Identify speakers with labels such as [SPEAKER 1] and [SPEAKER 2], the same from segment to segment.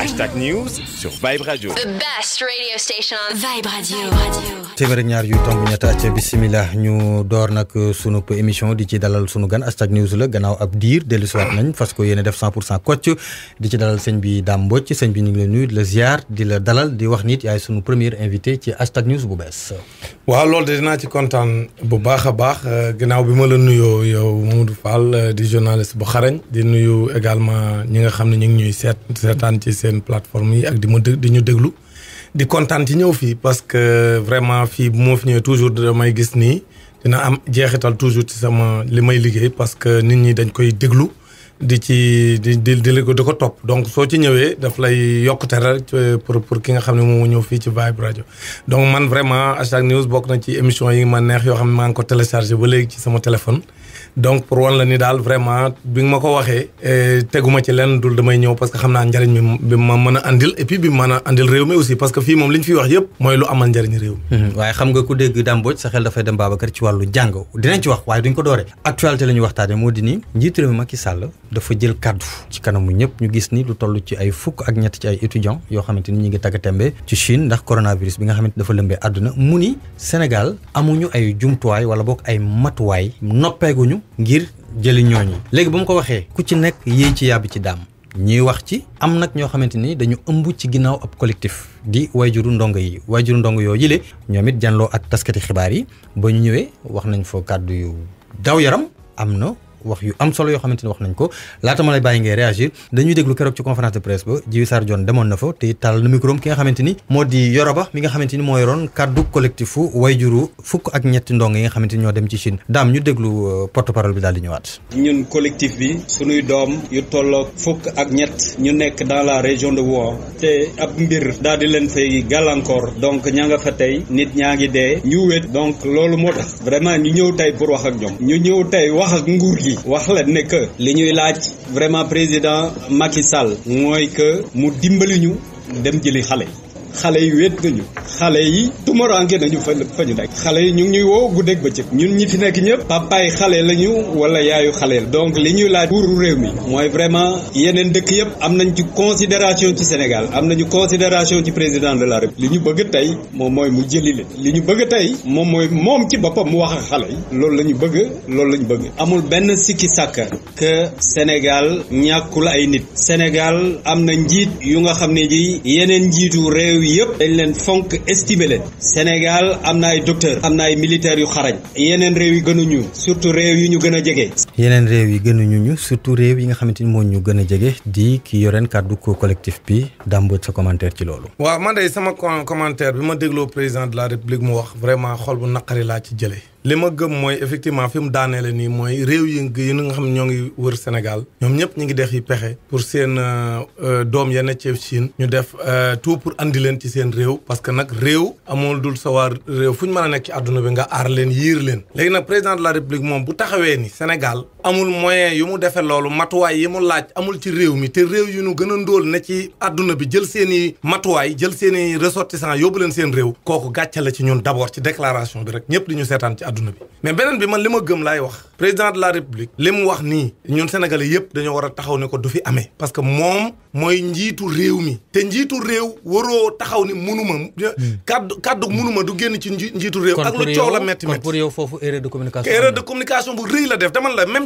[SPEAKER 1] Hashtag News sur Vibe Radio.
[SPEAKER 2] The best radio station on Vibe Radio. téeméer ñaar yu tomb ñata ci bismillah ñu door nak sunu émission di ci dalal sunu gan Hashtag News le gannaaw ab diir dellusiwaat nañ fas ko yene def 100 coach di ci dalal sëñ bi Dame Mbodj sëñ bi ñu ngi nuyu le ziar di la dalal di wax nit yaay sunu premier invité ci Hashtag News bu bess.
[SPEAKER 3] wa loolu de dinaa ci kontaan bu baax baax euh, gannaaw bi ma la nuyoo yow Mamadou Fall euh, di journaliste bu xarañ di nuyu également ñi nga xam ñu ngi ñuy seet seetaan ci plateforme yi ak di ma dë di ñu déglu di kontaan ci ñëw fii parce que vraiment fii bu moo fi ñëwee toujours damay gis nii dina am jeexital toujours ci sama li may liggéey parce que nit ñi dañ koy déglu di ci di di di ko di ko topp donc soo ci ñëwee daf lay yokkute rek pour pour ki nga xam ne moom ñëw fii ci Vibe Radio donc man vraiment Hashtag News bokk na ci émission yi ma neex yoo xam ne maa ngi ko téléchargé ba léegi ci sama téléphone donc pour wan la ni daal vraiment bi nga ma ko waxee eh, teguma ci lenn dul damay ñëw parce que xam naa njariñ mi bi ma mën a andil et bi ma mën a andil réew mi aussi parce que fii moom li ñu wax yëpp mooy lu amal njariñ réew
[SPEAKER 2] mi mhm. waaye xam nga ku dégg dàmbooj sa xel dafay dem Babacar ci wàllu jàng dinañ ci wax waaye duñ ko dooree actualité la ñu waxtaane moo di ni njiitu réew mi Macky Sall dafa jël kaddu ci kanamu ñëpp ñu gis ni lu toll ci ay fukk ak ñett ci ay étudiants yoo xamante ni ñu ngi tagga tembe ci Chine ndax coronavirus bi nga xamante dafa lëmbee àdduna mu ni Sénégal amuñu ay jumtuwaay wala bokk ay matuwaay noppeeguñu ñëw ngir jëli ñooñu léegi bu mu ko waxee ku ci nekk yéey ci yàbbi ci daam ñuy wax ci am nag ñoo xamante ni dañu ëmb ci ginnaaw ab collectif di wayjuru ndongo yi wayjuru ndongo yoo yile ñoom it janloo ak taskati xibaar yi ba ñu ñëwee wax nañ fa kàddu yu daw yaram am na wax yu am solo yoo xamante ne wax nañ ko laata ma lay bàyyi ngay réagir dañuy déglu keroog ci conférence de presse ba Djibi Sarr demoon na fa te tàllal na micro moo di Yoroba mi nga xamante moo yoroon kaddu collectifu wayjuru fukk ak ñetti ndong yi nga xamante ni ñoo dem ci Chine daam ñu déglu euh, porte parole bi daal di ñëwaat.
[SPEAKER 1] ñun collectif bi sunuy doom yu tolloog fukk ak ñett ñu nekk dans la région de Wuhan te ab mbir daal di leen fay gàllankoor donc ña nga tey nit ñaa ngi dee ñu wét donc loolu moo tax vraiment ñëw tey pour wax ak bi wax la ne que li ñuy laaj vraiment président Macky Sall mooy que mu dimbali ñu dem jëli xale xale yi wéet nañu xale yi tumaranke nañu fa fa ñu nekk xale yi ñu ñuy woo guddeeg bëccëg ñun ñi fi nekk ñëpp papaay xale lañu wala yaayu xale la donc li ñuy laaj pour réew mi mooy vraiment yeneen dëkk yëpp am nañ ci considération ci Sénégal am nañu considération ci président de la République li ñu bëgg tey moom mooy mu jëli leen ñu bëgg tey moom mooy moom ci boppam mu wax a xale yi loolu la ñu bëgg loolu la ñu bëgg amul benn sikki sàkka que Sénégal ñàkkul ay nit Sénégal am na njiit yu nga xam ne ji yeneen njiitu réew réew yëpp dañ leen fonk estimé leen Sénégal am na ay docteur am na ay militaires yu xarañ yeneen réew yi gënuñu surtout réew yi ñu gën a jege. yeneen
[SPEAKER 2] réew yi gënuñu ñu surtout réew yi nga xamante ni moo ñu gën a jege di ki yoreen kàddu ko collectif bi dàmboot sa commentaire ci loolu.
[SPEAKER 3] waa man de sama commentaire bi ma dégloo président de la république mu wax vraiment xol bu naqari laa ci jëlee. li ma gëm mooy effectivement fi mu daaneele nii mooy réew yi yi nga xam ñoo ngi wër Sénégal ñoom ñëpp ñu ngi def yi pexe pour seen euh, doom yenn ci Chine ñu def euh, tout pour andi leen ci seen réew parce que nag réew amul dul sawaar réew fu ñu mën a nekk ci àdduna bi nga aar leen yiir leen léegi nag président de la république moom bu taxawee ni Sénégal amul moyen yu mu defee loolu matuwaay yi mu laaj amul ci réew mi te réew yu nu gën a ndóol na ci àdduna bi jël seen matuwaay jël seen i ressortissant yóbbu leen seen réew kooku gàcce la ci ñun d'abord ci déclaration bi rek ñëpp di ñu seetaan ci àdduna bi mais beneen bi man li ma gëm laay wax président de la république li mu wax nii ñun sénégalais yëpp dañoo war a taxaw ne ko du fi amee parce que moom mooy njiitu réew mi te njiitu réew waroo taxaw ni munuma hmm. kaddu ci njiitu réew ak lu coow la metti metti kon pour
[SPEAKER 2] yow foofu erreur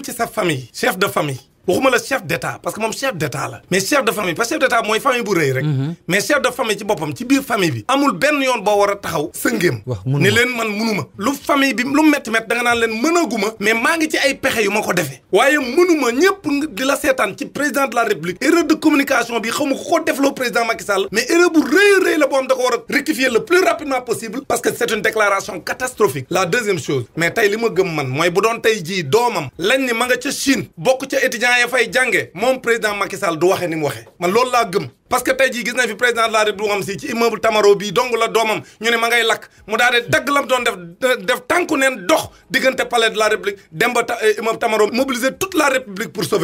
[SPEAKER 3] c'est sa famille chef de famille waxuma la chef d'état parce que moom chef d'état la mais chef de famille parce que chef d'état mooy famille bu rëy rek mhm. mais chef de famille ci boppam ci biir famille bi amul benn yoon boo war a taxaw sëngéem ne leen man munuma lu famille bi lu métti métti da nga naan leen mënaguma mais maa ngi ci ay pexe yu ma ko defee waaye mënuma ñëpp di la seetaan ci président de la république erreur de communication bi xaw ma ko defloo président Macky Sall mais erreur bu rëy rëy la boo xam da ko war a rectifier le plus rapidement possible parce que c'est une déclaration catastrophique la deuxième chose mais tey li ma gëm man mooy bu doon tey jii doomam lañ ni ma nga ca Chine bokk ca étudiant ya fay jànge mon président Macky Sall du waxé ni mu waxe man lool la gëm parce que tey jii gis nañ fi président de la République xam si ci immeuble Tamaro ne ma ngay lakk mu daal de dagg lam doon def def la République dem ba eh,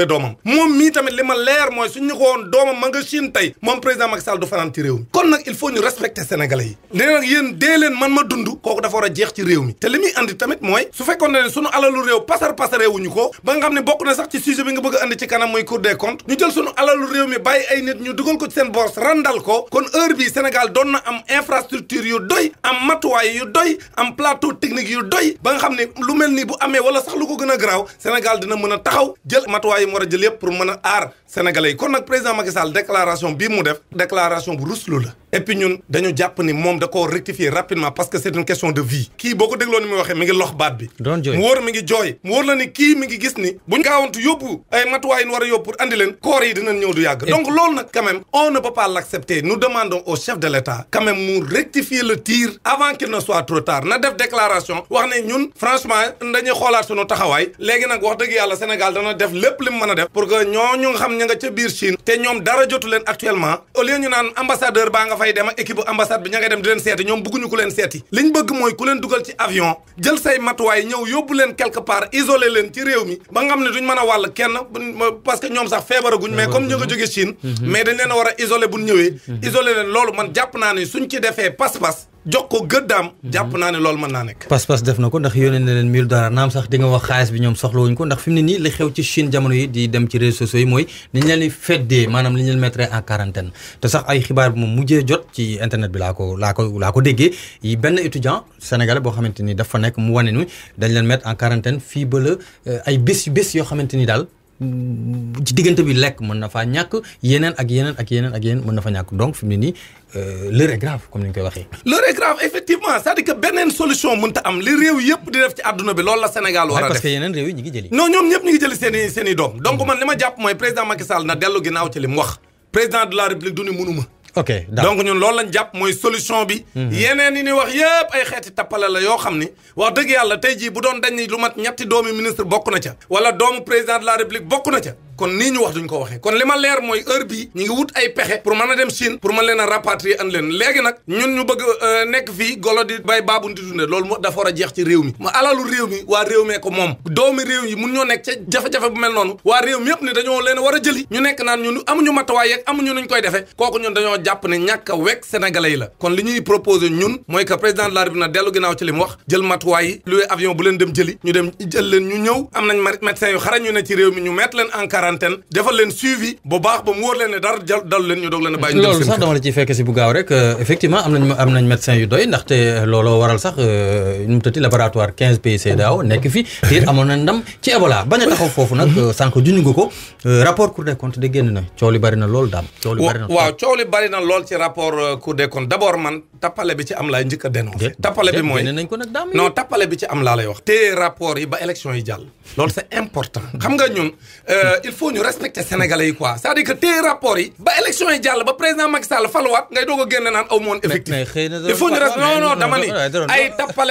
[SPEAKER 3] doomam moom mii tamit li ma leer mooy suñu ko woon doomam ma nga Chine tey moom président Macky Sall du fanaan ci réew mi kon nag il faut ñu respecter sénégalais yi nee nag yéen dee leen man ma dund kooku dafa war a jeex ci réew mi te li muy andi tamit mooy su fekkoon ne suñu alalu réew pasar pasareewuñu ko ba nga xam ne bokk na sax ci sujet bi nga bëgg a andi ci kanam muy cour des comptes ñu jël suñu alalu nit ñu seen boos ko kon heure bi Sénégal doon na am infrastructure yu doy am matuwaay yu doy am plateau technique yu doy ba nga xam ne lu mel ni bu amee wala sax lu ko gën a garaaw Sénégal dina mën a taxaw jël matuwaay yu mu war a jël yëpp pour mën a aar sénégalais yi kon nag président Macky Sall déclaration bii mu def déclaration bu ruslu la et puis ñun dañu japp ni mom da ko rectifier rapidement parce que c'est une question de vie Qui boko ko dégloo ni muy waxee mi ngi lox baat bi
[SPEAKER 2] mu wor
[SPEAKER 3] mi ngi joy mu wor la ni ki mi ngi gis ni buñ gaawantu yobbu ay matuwaay yi wara a pour andi len koor yi dinañ ñëw du yag donc lool nak quand même on ne peut pas l'accepter nous demandons au chef de l'État quand même mu rectifier le tir avant qu'il ne soit trop tard na def déclaration wax ne ñun franchement dañuy xolaat suñu taxaway légui nak wax deug yalla Sénégal dana def lepp li mu def pour que ñooñu nga xam ña nga ca biir Chine té ñom dara jotu len actuellement au lieu ñu nan ambassadeur ba nga fay dem ak dem di leen seeti ñoom bëgguñu ku leen seeti liñ bëgg mooy ku leen dugal ci avion jël say matuwaay ñëw yóbbu leen quelque part isolé leen ci réew mi ba nga xam duñ mën a kenn parce ñoom sax feebaraguñ mais comme ñu nga jóge Chine mhm. mais dañ leen a war bu ñëwee mhm. isolé leen loolu man jàpp naa suñ ci defee pas-pas jox ko gëddaam mhm. jàpp naa ne lool mën naa nekk
[SPEAKER 2] pas-pas def na ko ndax yónnee na leen mille dollars naam sax di nga wax xaalis bi ñoom soxlawuñ ko ndax fi mu ne nii li xew ci Chine jamono yi di dem ci réseaux sociaux yi mooy ni ñu leen di feddee maanaam li ñu leen mettre en quarantaine te sax ay xibaar bi moom mujjee jot ci internet bi laa ko laa ko laa ko déggee yi benn étudiant sénégalais boo xamante ni dafa nekk mu wane ni dañ leen mettre en quarantaine fii ba la euh, ay bés yu yoo xamante ni daal ci diggante bi lekk mën na faa ñàkk yeneen ak yeneen ak yeneen mën na fa ñàkk donc fi mu ne nii euh, l'heure est grave comme ni ñu koy waxee.
[SPEAKER 3] l'heure est grave effectivement c'est-à-dire que beneen solution mënta am li réew yëpp di def ci àdduna bi loolu la Sénégal war a parce que
[SPEAKER 2] yeneen réew yi ñu ngi jëli.
[SPEAKER 3] non ñoom ñëpp ñu ngi jëli seen i doom donc man li ma jàpp mooy président Macky na dellu ginnaaw ci li mu wax président de la République du ni mënuma
[SPEAKER 2] ok donc
[SPEAKER 3] ñun loolu lañ jàpp mooy solution bi. Mhm. yeneen yi ni wax yëpp ay xeeti tappale la yoo xam ni wax dëgg yàlla tey jii bu doon dañ ni lu mat ñetti doomi ministre bokk na ca. wala doomu président de la république bokk na ca. kon nii ñu wax duñ ko waxee kon li ma leer mooy heure bii ñu ngi wut ay pexe pour mën a dem Chine pour mën leen a rapatrier and leen léegi nag ñun ñu bëgg euh, nekk fii golo di bay baabu di dunde loolu dafa war a jeex ci réew mi ma alalu réew mi waa réew mee ko moom doomi réew yi mun ñoo nekk ca bu mel noonu waa réew mi yëpp leen war a jëli ñu nekk naan ñun amuñu matawaay yeeg amuñu nuñ koy defee kooku ñun dañoo jàpp ne ñàkk a wekk sénégalais yi la kon li ñuy proposé ñun mooy que président de na dellu ginnaaw ci li mu wax jël matuwaay yi loué avion bu leen dem jëli ñu dem jël leen ñu ñëw am nañ médecin yu xarañ ñu ne ci réew mi ñu mettre leen en quarantaine defal leen suivi bu baax ba mu wóor leen ne dara dal leen ñu doog leen a bàyyi loolu sax
[SPEAKER 2] dama la ci fekk si bu gaaw rek euh, effectivement am nañ am nañ médecin yu doy ndaxte euh, looloo waral sax ñu euh, mu tëtti laboratoire 15 pays CEDEAO nekk fi te amoon na ndam ci Ebola bañ a taxaw foofu nag sànq juñu ko rapport Cour des comptes de génn na coow bari na lool daal coow bari na
[SPEAKER 3] waaw coow bari na lool ci rapport Cour des comptes d'abord man tappale bi ci am laay njëkk a dénoncé tappale bi mooy nañ ko nag daam non tappale bi ci am laa lay wax te rapport yi ba élection yi jàll loolu c'est important xam nga ñun il ñu respecter sénégalais yi quoi c'est-à-dire que tey rapport yi ba élection yi jàll ba président Macky Sall faluwaat ngay doog a génne naan aw moon
[SPEAKER 2] effectif il faut ñu respecter non non dama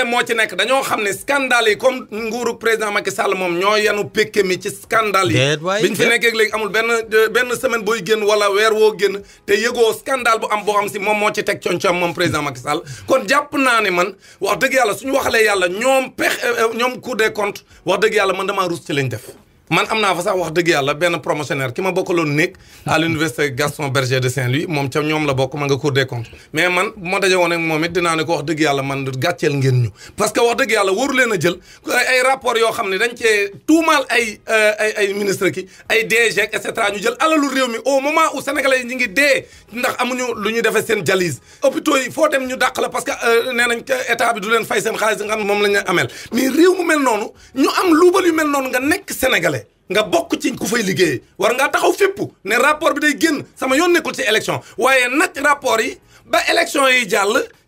[SPEAKER 3] moo ci nekk dañoo xam ne scandale yi comme nguuru président Macky Sall moom ñoo yanu pékke mi ci scandale yi biñ fi nekkee amul benn euh, benn semaine booy génn wala weer génn te yëgoo scandale bu am boo xam si moom moo ci teg concom moom président Macky Sall kon jàpp naa ne man wax dëgg yàlla suñu waxalee yàlla ñoom pex euh, euh, ñoom Cour des comptes dëgg yàlla man damaa rus ci lañ def man am naa fa sax wax dëgg yàlla benn promotionnaire ki ma bokkaloon nekk à l'université Gaston Berger de Saint-Louis moom ca ñoom la bokk ma nga Cour des comptes mais man bu ma daje woon ak moom it dinaa ne ko wax dëgg yàlla man gàcceel ngeen ñu parce que wax dëgg yàlla waru leen a jël ay rapport yoo xam ne dañ cee tuumaal ay euh, ay ministre ki ay DG et cetera ñu jël alalu réew mi au moment où sénégalais yi ñu ngi dee ndax amuñu lu ñu defee seen dialyse hôpitaux yi foo dem ñu dàq la parce que euh, nee nañ état bi du leen fay seen xaalis nga moom la ñu amel mais am luubal yu mel noonu nga nekk sénégalais nga bokk ci ku fay liggéey war ngaa taxaw fépp ne rapport bi day génn sama yoon nekkul ci élection waaye nag rapport yi ba élection yi jàll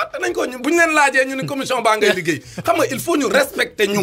[SPEAKER 3] fàtte nañ ko ñu bu ñu leen laajee ñu ni commission baa ngay xam nga il faut ñu respecter ñu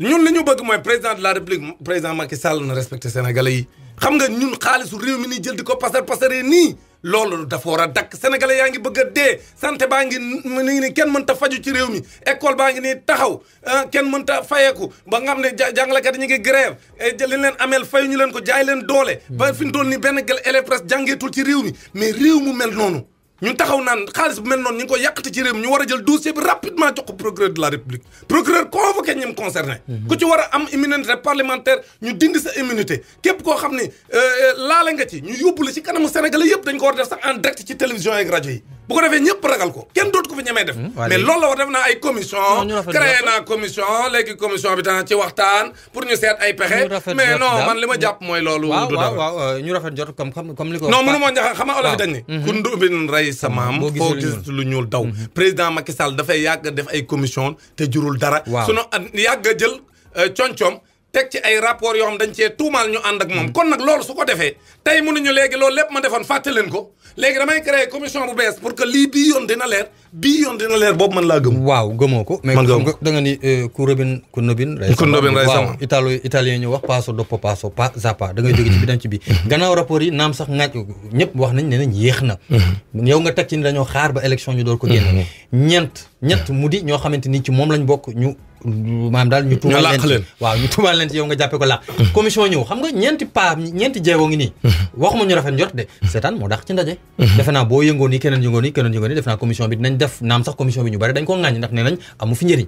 [SPEAKER 3] ñun li ñu bëgg mooy président de la république président Macky Sall na respecté sénégalais yi xam nga ñu xaalisu réew mi ni jël di ko pasar pasaree nii loolu dafa war a dakk sénégalais yaa ngi bëgg a dee santé baa ngi ni ni kenn mënta faju ci réew mi école baa ngi nii taxaw ah, kenn mënta fayeeku ba nga xam ne jàngalekat ñu ngi grève eh, li leen ameel fayu ñu leen ko jaay leen doole ba fi ñu toll nii benn gel élève presque jàngeetul ci réew mi mais réew mu mel noonu ñu taxaw naan xaalis bu mel noon ñu ngi ko yàqate ci réew mi ñu war a jël dossier bi rapidement jox ko procureur de la république procureur convoqué ñim concerné mhm. ku ci war a am immunité parlementaire ñu dindi sa immunité képp koo xam ne euh, euh, laale nga ci ñu yóbbu la ci kanamu sénégalais yëpp dañ ko war a def sax en direct ci télévision ak rajo yi bu ko defee ñëpp ragal ko kenn dootu ko fi ñemee def hmm. mais loolu la wax def naa ay commission créé naa commission léegi commission bi tam ci waxtaan pour ñu seet ay pexe mais non man li ma jàpp mooy loolu du dara waaw
[SPEAKER 2] euh, ñu rafet jot comme comme li ko non mënu moo njaxam xam nga olof dañ ne mhm. kun
[SPEAKER 3] dumbin rey sa mhm. maam foo gis lu ñuul daw mhm. président Macky Sall dafay yàgg def ay commission te jurul dara sunu yàgg jël euh, concom teg ci ay rapport yoo xam dañ cee tuumaal ñu ànd ak moom mm. kon nag loolu su ko defee tey mënuñu léegi loolu lépp ma defoon fàtte leen ko léegi damay créer commission bu bees pour que lii bii yoon dina leer bii yoon dina leer boobu man laa gëm.
[SPEAKER 2] waaw gëmoo ko. man gëm mais da nga ni euh, ku robin ku nobin. ku nobin rey italien ñu wax passo dopo passo pas à pas jóge ci bi dem ci bi gannaaw rapport yi naam sax ŋaaj ñëpp wax nañ ne nañ yéex na. Mm-hmm. yow mm-hmm. moom lañ bokk ñu maam daal ñu tuumaal leen leen waaw ñu tuumaal leen ci yow nga jàppee ko laax commission ñëw xam nga ñeenti paa ñeenti jeego ngi nii mm-hmm. waxuma ñu rafet njort de mm-hmm. seetaan moo dàq ci ndaje mm-hmm. defe boo yëngoo keneen yëngoo keneen yëngoo nii naa commission bi dinañ def naam sax commission bi ñu bari dañ ko ŋàññ ndax nee nañ amu fi njëriñ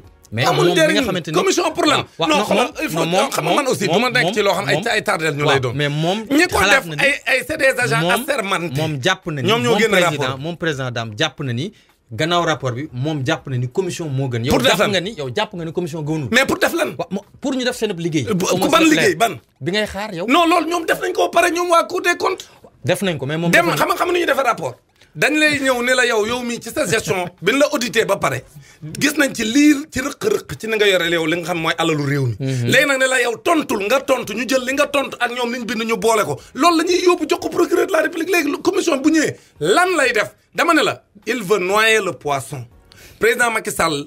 [SPEAKER 2] commission pour lan non xoolal il faut xam nga man ay ay tardel ñu lay doon mais moom ñi ko def
[SPEAKER 3] ay
[SPEAKER 2] moom jàpp na ni moom président moom président daam na gannaaw rapport bi moom jàpp na ni commission moo gën. yow jàpp nga
[SPEAKER 3] ni yow jàpp nga ni commission gënul. mais pour def lan. pour ñu def seen liggéey. ku ban liggéey ban. bi ngay xaar yow. non loolu ñoom def nañ ko pare ñoom waa Cour des comptes. def nañ ko mais moom. dem xam nga xam nañu def rapport. dañ lay ñëw ni la yow yow mii ci sa gestion bi la auditer ba pare gis nañ ci lii ci rëq-rëq ci ni nga yore yow li nga xam mooy alalu réew mi mhm. léegi nag ne la yow tontul nga tontu ñu jël li nga tontu ak ñoom li ñu bin ñu boole ko loolu la ñuy yóbbu jox ko procureur de la république léegi commission bu ñëwee lan lay def dama ne la il veut noyer le poisson président Macky Sall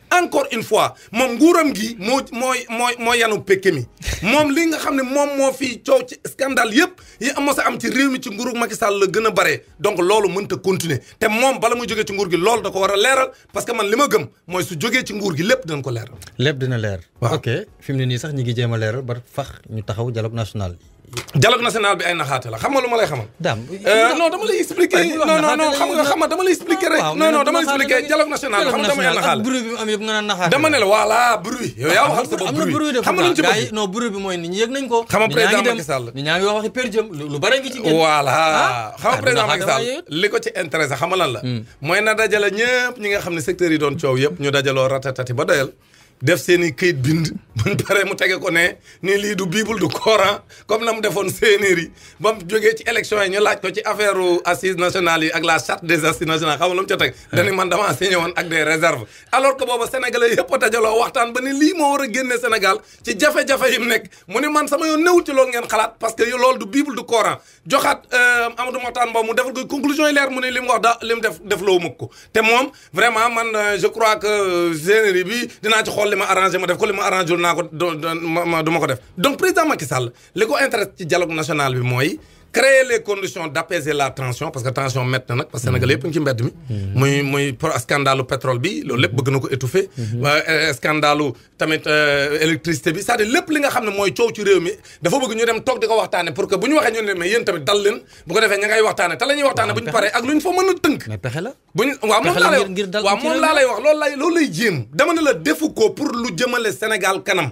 [SPEAKER 3] encore une fois mon nguuram gi moy moy moy moo yanu pekemi mi li nga xam mom mo fi ciow ci scandale yep, yi mos a am ci réew mi ci nguuru Macky Sall le gëna a bare donc loolu ta continuer te mom bala muy jógee ci nguur gi loolu da ko wara a parce que man lima gëm moy su joggé ci nguur gi lepp dañ ko leeral.
[SPEAKER 2] lepp dina leer. waaw ok fi ni sax ñi ngi jéem a bar fax ñu taxaw dialogue national.
[SPEAKER 3] dialogue national bi ay naxaate la xam nga lu ma lay xamal. Euh, non dama lay expliquer. non non xam nga xam nga dama lay expliquer rek. non non dama lay expliquer dialogue national
[SPEAKER 2] ne la voilà bruit. yow yaa waxal xam nga lu ñu ci bëgg. non bruit mooy nit ñi yëg nañ ko. xam
[SPEAKER 3] nga président lu bari ngi ci génn. voilà ah? xam nga li ko ci intéressé xam nga lan la. Hmm. mooy na dajale ñëpp ñi nga xam ne secteurs yi doon coow yëpp ñu dajaloo ratatati ba doyal def seen i këyit bind buñ paree mu tege ko ne ni lii du bible du coran comme na mu defoon séenéer yi ba mu jógee ci élection yi ñu laaj ko ci affaire assises nationales yi ak la charte des assises nationales xam nga lu mu ca teg eh. dañu man dama signé woon ak des réserves alors que booba sénégalais yëpp dajaloo waxtaan ba ni lii moo war a génne ci jafe-jafe yi nekk mu ni man sama yoon newul ci loolu ngeen xalaat parce que loolu du bible du coran joxaat euh, Amadou Mahtar Mbow mu mu ne li mu wax li mu def def loo ko te moom vraiment man euh, je crois que euh, séenéer yi bi dinaa ci li ma arrangé ma def ko li ma arrangé naa ko du ma ko def donc président Macky Sall li ko intéresse ci dialogue national bi mooy créer les conditions d'apaiser la tension parce que tension métti na parce que Sénégal yëpp ngi ci mbedd mi. muy muy scandalu pétrole bi loolu lépp bëgg na ko étouffer. Euh, scandalu tamit euh, électricité bi c'est-à-dire lépp li nga xam ne mooy coow ci réew mi dafa bëgg ñu dem toog di ko waxtaane pour que bu ñu waxee ñu ne mais yéen tamit dal leen bu ko defee ña ngay waxtaane te la ñuy bu ñu paree ak lu ñu fa tënk. mais pexe la bu ñu waaw moom laa lay wax waaw moom laa lay wax loolu lay loolu dama ne la defu ko pour lu jëmale Sénégal kanam.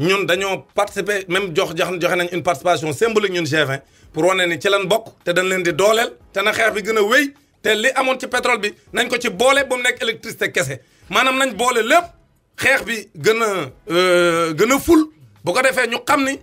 [SPEAKER 3] ñun dañoo participer même jox jox joxe nañ une participation symbolique ñun G20 pour wane ni ci lan bokk te dañ leen di dooleel te na xeex bi gën a wéy te li amoon ci pétrole bi nañ ko ci boole bu mu nekk électricité kese maanaam nañ boole lépp xeex bi gën a euh, gën a ful bu ko defee ñu xam ni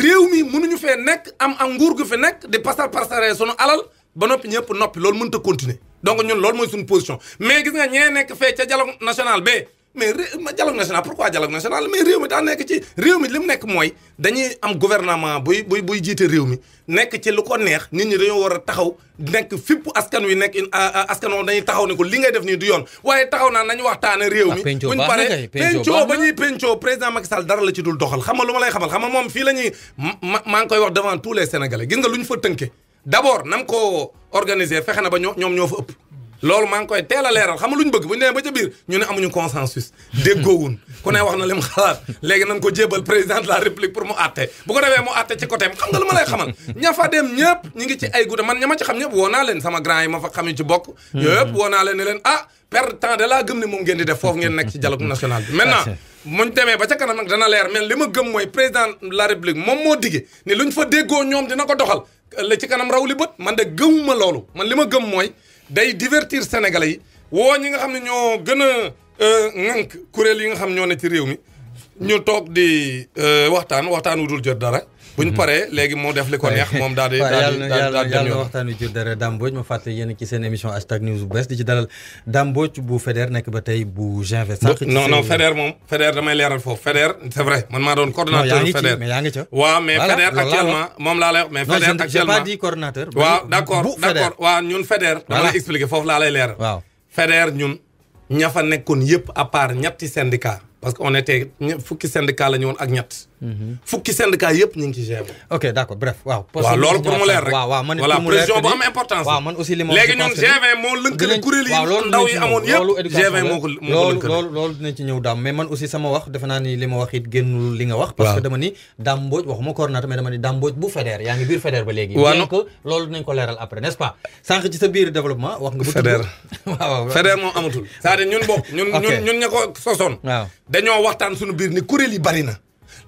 [SPEAKER 3] réew mi mënuñu fee nekk am am nguur gu fi nekk di pasar pasaree sunu alal ba noppi ñëpp noppi loolu mënut a continuer donc ñun loolu mooy suñu position mais gis nga ñee nekk fee ca dialogue national ba mais dialogue national pourquoi dialogue national mais réew mi daa nekk ci réew mi li mu nekk mooy dañuy am gouvernement buy buy buy jiite réew mi nekk ci lu ko neex nit ñi dañoo war a taxaw nekk fipp askan wi nekk askan woo dañuy taxaw ne ko li ngay def nii du yoon waaye taxaw naa nañu waxtaane réew mi buñ paree pencoo ba ñuy pencoo président Macky Sall dara la ci dul doxal xam nga lu ma lay xamal xam moom fii la ñuy maa ngi koy wax devant tous les sénégalais gis nga lu ñu fa tënke d'abord nam ko organiser fexe na ba ñoo ñoom ñoo fa ëpp loolu maa ngi koy teel leeral xam nga lu ñu bëgg bu ñu demee ba ca biir ñu ne amuñu consensus déggoowun ku ne wax na li mu xalaat léegi nañ ko jébal président de la république pour mu àtte bu ko mu àtte ci côté xam nga lu ma lay xamal ña fa dem ñëpp ñi ci ay gudde man ña ma ci xam ñëpp woo naa leen sama grand yi xam ci bokk yooyu yëpp woo naa leen ne leen ah temps de laa gëm ne moom ngeen di def foofu ngeen nekk ci dialogue national bi maintenant muñ demee ba ca kanam dana leer mais li ma gëm mooy président de la république moom moo digge ne luñ fa déggoo ñoom dina ko doxal la ci kanam raw li bët man de gëmuma loolu man li ma gëm mooy day divertir sénégalais yi woo ñi nga xam ne ñoo gën a euh, ŋànk kuréel yi nga xam ñoo ne ci réew mi ñu toog di euh, waxtaan waxtaan wu dul jot dara bu ñu mhm. paree léegi moo def li ko neex moom daal di daal di daal waxtaan
[SPEAKER 2] wi jur dara Dame Mbodj ma fàttali yéen ci seen émission hashtag news bu bees di ci dalal Dame bu FEDER nekk ba tey bu g moom
[SPEAKER 3] FEDER damay leeral foofu FEDER c'est vrai man maa doon coordonnateur FEDER mais yaa ngi ca waaw mais moom laa lay wax mais FEDER actuellement j'ai pas dit
[SPEAKER 2] coordonnateur waaw d'accord d'accord
[SPEAKER 3] waaw ñun FEDER dama lay expliquer laa lay leeral waaw ñun ña fa nekkoon yëpp à part ñetti syndicat parce que on était fukki syndicat la ñu woon ak ñett Mhm. fukki syndicat yëpp ñu ngi ci g ok d' accord bref Wow. waaw loolu pour Wow. leer rek waaw Wow. man voilà prévision bu am
[SPEAKER 2] importance waaw man aussi li ma léegi ñun g Wow moo lëkkale kuréel yi ndaw yi amoon yëpp Wow 20 moo ko moo ko loolu loolu dinañ ci ñëw daam mais man aussi sama wax defe naa ni li ma wax it Wow li nga wax parce que dama ni Dame Wow waxuma coordinateur mais dama ni Wow Mbodj bu Wow yaa ngi biir fédère ba léegi bien que loolu dinañ ko leeral après n' est ce pas sànq ci sa biir développement wax nga bu fédère waaw fédère
[SPEAKER 3] moom amatul c'est-à-dire ñun bokk ñun ñun ñun ña ko sosoon waaw dañoo waxtaan suñu biir ni kuréel yi bari na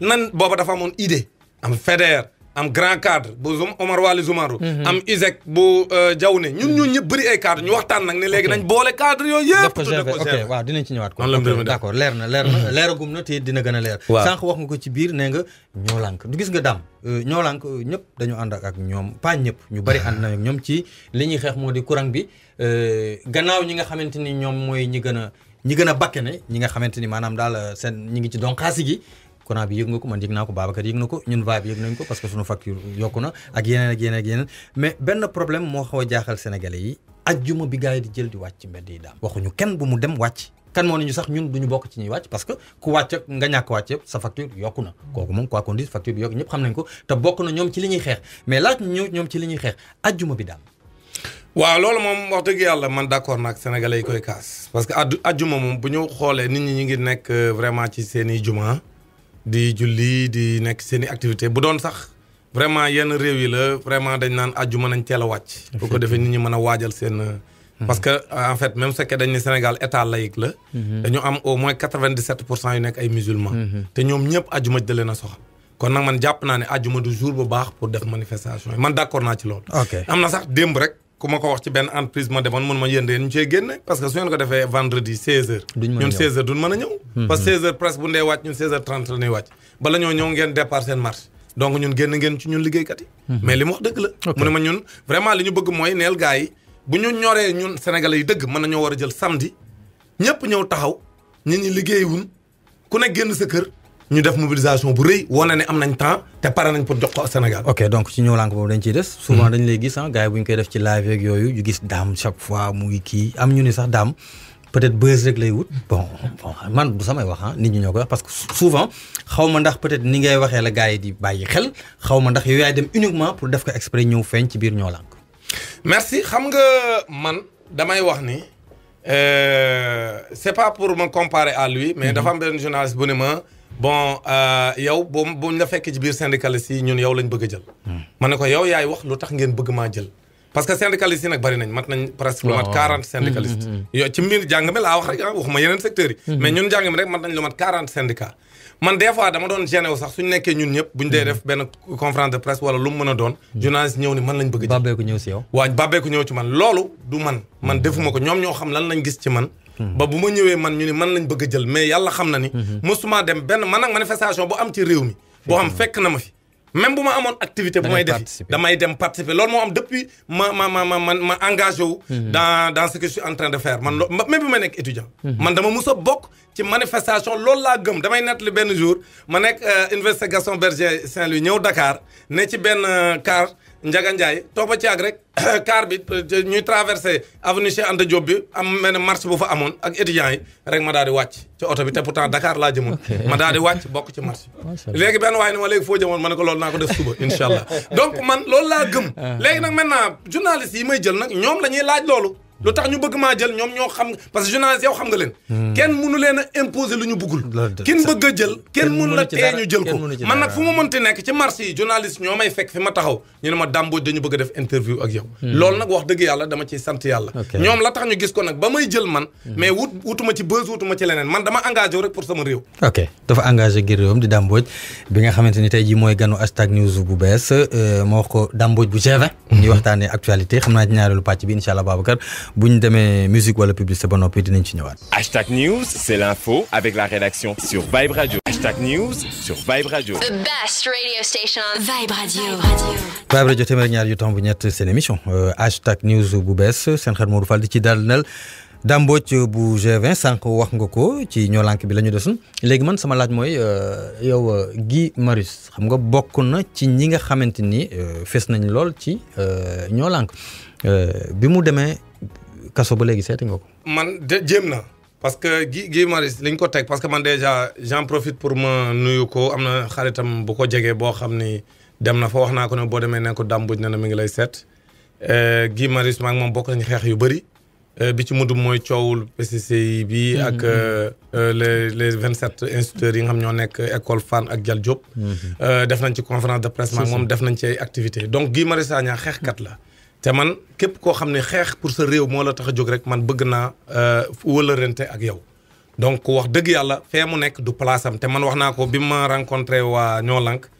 [SPEAKER 3] nan booba dafa amoon idée am feder am grand cadre bu zum Omar Wali Zumaro mhm. am ISEC bu euh, Diawne ñun mhm. ñu ñëpp bëri ay cadre ñu waxtaan nag ne léegi nañ boole cadre yooyu yëpp ok waaw
[SPEAKER 2] dinañ ci ñëwaat ko d'accord leer na leer na mhm. na te dina gën a leer sànq wax nga ko ci biir nee nga ñoo lànk du gis nga daam euh, ñoo lànk euh, ñëpp dañu ànd ak ñoom pas ñëpp ñu bëri ànd na ñoom ci li ñuy xeex moo di courant bi gannaaw ñi nga xamante ni ñoom mooy ñi gën a ñi gën a bakke ne ñi nga xamante ni maanaam daal seen ñi ngi ci donqaasi gi Kona bi yëg nga ko man yëg naa ko Babacar yëg ko ñun vibe yëg nañ ko parce que suñu facture yokuna ak yeneen ak yeneen ak yeneen mais benn problème mo xaw jaaxal sénégalais yi aljuma bi gaay di jël di wacc mbedd yi daam waxuñu kenn bu mu dem wacc kan mo ñu sax ñun duñu bok ci ñi wacc parce que ku wàcc nga ñak wacc sa facture yokuna koku kooku moom quoi qu'on dise facture bi yok ñep xam nañ ko te bok na ñom ci liñuy xex
[SPEAKER 3] mais laaj ñu ñom ci liñuy xex aljuma bi daam wa lolou mom wax deug yalla man d'accord nak sénégalais koy kaas parce que aljuma mom bu ñu xoolee nit ñi ñi ngi nek euh, vraiment ci seeni juma di julli di nekk seeni activité bu doon sax vraiment yenn réew yi la vraiment dañ naan àjjuma nañ teela wàcc bu ko defee nit ñi mën a waajal seen mhm. parce que en fait même su fekkee dañ ne Sénégal état laïque la mhm. dañu am au moins quatre vingt dix pour cent yu nekk ay musulmans mhm. te ñoom ñëpp àjjuma da na a kon nag man jàpp naa ne àjjuma du jour bu baax pour def manifestation yi man d'accord naa ci loolu am na sax démb rek ku ma ko wax ci benn entreprise ma demoon mun ma yéen ñu cee génne parce que su ngeen ko defee vendredi 16h. duñ mën a ñëw ñun 16h duñ mën a ñëw. parce que 16 presque bu ndee wàcc ñun 16h30 la ñuy wàcc bala ñoo ñëw ngeen départ seen marche donc ñun génn ngeen ci ñun liggéeykat hmm. mais li mu dëgg la. mu ne ma ñun vraiment li ñu bëgg mooy neel gars yi bu ñu ñoree ñun sénégalais yi dëgg mën nañoo war a jël samedi ñëpp ñëw taxaw ñi ñi liggéey wun génn sa ñu def mobilisation bu rëy wane ne am nañ temps te pare nañ pour jox ko Sénégal.
[SPEAKER 2] ok donc ci ñëw lànk boobu dañ ciy des. souvent mhm. dañ lay gis ah gars yi bu ñu koy def ci live yeeg yooyu ñu gis daam chaque fois mu ngi kii am ñu ni sax daam peut-être buzz rek lay wut. bon bon man bu samay wax ah nit ñi ñoo koy wax parce que souvent xaw ma ndax peut-être ni ngay waxee la gars yi di bàyyi xel xaw ma ndax yow yaay dem uniquement pour def ko exprès ñëw feeñ ci biir ñoo lànk.
[SPEAKER 3] merci xam nga man damay wax ni Euh, c'est pas pour me comparer à lui. mais mhm. dafa am benn journaliste bu ne ma. bon euh, yaw bu buñ la fekkee ci biir syndicaliste yi ñun yow lañ bëgg a jël. Hmm. ma ne ko yow yaay wax lu tax ngeen bëgg maa jël. parce que syndicaliste yi nag bari nañ mat nañ presque lu mat quarante syndicaliste hmm, hmm, yow ci mbir jàng mi laa wax rek ah waxuma yeneen secteurs yi mais ñun jàng mi rek mat nañ lu mat quarante syndicats man des fois dama doon géné sax suñu nekkee ñun ñëpp buñ dee def benn conférence de presse wala lu mu a doon journaliste ñëw ni man lañ bëgg a jël babbeeku ñëw si yow waaw babbeeku ñëw ci man loolu ko ñoom ñoo xam lan lañ gis ci man Hmm. ba buma ñëwé man ñu ni man lañ bëgg jël mais yalla xam na ni hmm. mosuma dem ben man ak manifestation bu am ci réew mi boo xam fekk na ma fi même buma amone activité bu may def damay dem participer lool mo am depuis ma ma ma ma man ma engagé wu hmm. dans dans ce que je suis en train de faire man même bima nek étudiant man dama mus bok ci manifestation lool la gëm damay netti ben jour ma nek euh, université Gaston Berger Saint-Louis ñëw Dakar né ci ben car Njaga Njaay toog ba ci àgg rek car bi euh, ñuy traversé avenue Cheikh Anta Diop bi am mel ne marche bu fa amoon ak étudiants yi rek ma daal di wàcc ci oto bi te pourtant Dakar laa jëmoon. ma daal di wàcc bokk ci marche bi. léegi benn waay ne ma léegi foo ma ne ko loolu naa ko def suba incha allah donc man loolu laa gëm. Ah. léegi nag naa journaliste yi may jël nag ñoom la ñuy laaj loolu. lu tax ñu bëgg maa jël ñoom ñoo xam parce que journaliste yow xam nga leen. Hmm. kenn mënu leen a imposer lu ñu bëggul. kin bëgg jël kenn mënu la tee ñu jël ko man nag fu ma mënti nekk ci marché yi journaliste ñoo may fekk fi ma taxaw ñu ne ma dàmbooj dañu bëgg a def interview ak yow. Hmm. loolu yàlla dama ciy sant yàlla. ñoom la tax ñu gis ko nag ba may jël man. Hmm. mais wut wutuma ci buzz leneen man dama engagé rek pour sama réew.
[SPEAKER 2] ok dafa engagé ngir réewam di dàmbooj bi nga xamante ni tey ji mooy ganu hashtag news bu bees euh, ma wax ko dàmbooj bu G20 ñuy waxtaanee actualité xam naa ci ñaareelu pàcc bi incha allah Babacar bu démé musique wala publicité ba noppi dinañ ci ñëwaat.
[SPEAKER 1] hashtag news c'est l'info avec la rédaction sur Vibe Radio. hashtag news sur Vibe Radio. The best radio station on Vibe Radio.
[SPEAKER 2] Vibe Radio téeméer ñaar yu tomb ñett c'est l'émission euh, hashtag news bu bees seen xar Modou Fall di ci daal nel Damboj bu G20 sànq wax nga ko ci ñoo lànk bi lañu ñu desoon léegi man sama laaj mooy euh, yow euh, gi Marius xam nga bokku na ci ñi nga xamanteni fess nañ lool ci ñoo lànk bi mu démé kaso ba léegi seeti nga ko.
[SPEAKER 3] man de jéem na parce que gi gi Maris liñ ko teg parce que man déjà j'en profite pour ma nuyu ko am na xaritam bu ko jegee boo xam ni dem na fa wax naa ko ne boo demee ne ko dàmbuj na ne mu ngi lay seet euh, gi Maris maa ngi moom bokk nañu xeex yu bëri. Euh, bi ci mujj mooy coowul PCCI bi. Mm-hmm. ak euh, les les vingt sept instituteurs yi nga xam ñoo nekk école Fann ak Dial Diop. Mm-hmm. def nañ ci conférence de presse. moom def nañ ci activité activités donc Guy Marius Sagna la. té man képp koo xam ne xeex pour sa réew moo la tax a jóg rek man bëgg naa euh, wëlërante ak yow donc wax dëgg yàlla fee mu nekk du place am te man wax naa ko bi ma rencontré waa ñoo lank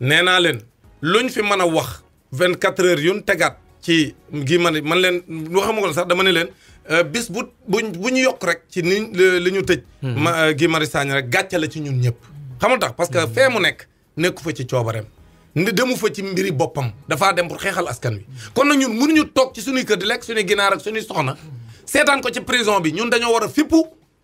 [SPEAKER 3] nee naa leen luñ fi mën a wax 24 heures yuñ tegaat ci gi man man leen waxama ko sax dama ne leen euh, bis bu buñ bu ñu yokk rek ci ni li ñu tëj hmm. ma euh, gi mari sagne rek gàcce la ci ñun ñëpp xamul tax parce que hmm. fee mu nekk nekku fa ci coobareem ne demu fa ci mbiri boppam dafaa dem pour xeexal askan wi kon nag ñun mënuñu toog ci suñuy kër di lekk suñuy ginaar ak suñuy soxna seetaan ko ci prison bi ñun dañoo war a fippu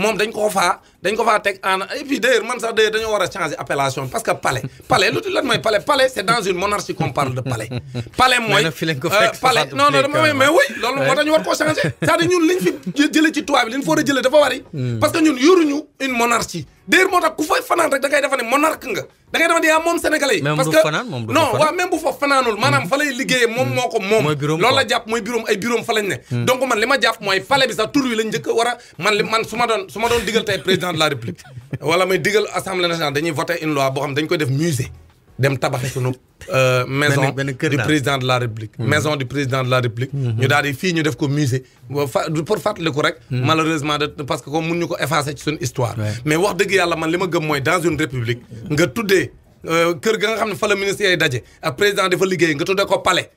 [SPEAKER 3] moom dañu koo faa dañ ko fa tek en et puis d'ailleurs man sax d'ailleurs dañoo wara changer appellation parce que palais palais lu lan moy palais palais c'est dans une monarchie qu'on parle de palais. palais mooy euh, palais non non dama mais oui lolu moo tax ñu war ko changer c'est-à-dire ñun liñ fi jëlee ci tubaab bi liñ fa war a dafa wari hmm. parce que ñun yoruñu une monarchie d'ailleurs moo ku fay fanaan rek da ngay defane monarque nga da ngay defa ne yaa moom sénégalais yi parce que non wa même bu fa fananul manam hmm. fa lay liggéeyee moom moo ko moom la japp moy bureau ay bureau fa lañ ne hmm. donc man lima japp moy palais bi sa tour wi lañ njëkk wara man man suma don suma don ma tay président de la république wala may digal assemblée nationale dañuy voter une loi bo xam dañ koy def musée dem tabaxé sunu euh, mm-hmm. maison du président de la république maison du président de la république ñu daal di fii ñu def ko musée pour ko rek mm-hmm. malheureusement de parce que comme mun ñu ko effacer ci suñu histoire mais wax dëgg yàlla man li ma gëm mooy dans une république nga tuddee euh, kër ga nga xam ne fa la ministre yay daje ak président fa liggéey nga tuddee ko palais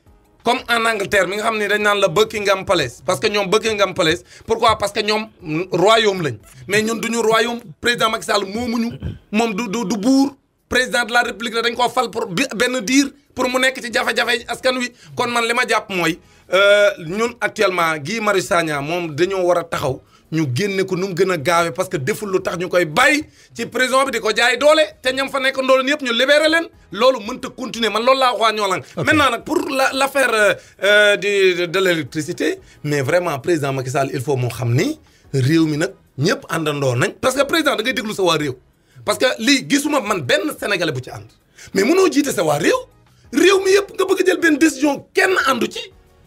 [SPEAKER 3] comme en Angleterre mi nga xam ne dañ naan la Buckingham Palace parce que ñoom Buckingham Palace pourquoi parce que ñoom royaume lañ mais ñun duñu royaume président Macky Sall moomuñu moom du du du buur président de la république dañ koo fal pour benn diir pour mu nekk ci jafe-jafe askan wi kon man li ma jàpp mooy euh, ñun actuellement Guy Marius Sagna moom dañoo war a taxaw. ñu génne ko nu mu gën parce que deful lu tax ñu quoi bàyyi ci prison bi di ko jaay doole te ñam fa nekk ndoole yëpp ñu libéré leen loolu mënta continuer man loolu laa waxaa ñoolang maintenant pour l'affaire euh, euh, de de l'électricité mais vraiment président Macky Sall il faut mon xam ni réew mi nag ñëpp àndandoo nañ parce que président da ngay que sa waa réew parce que lii gisuma man ben sénégalais bu ci mais mënoo jiite sa waa réew réew mi yëpp nga bëgg jël décision kenn àndu ci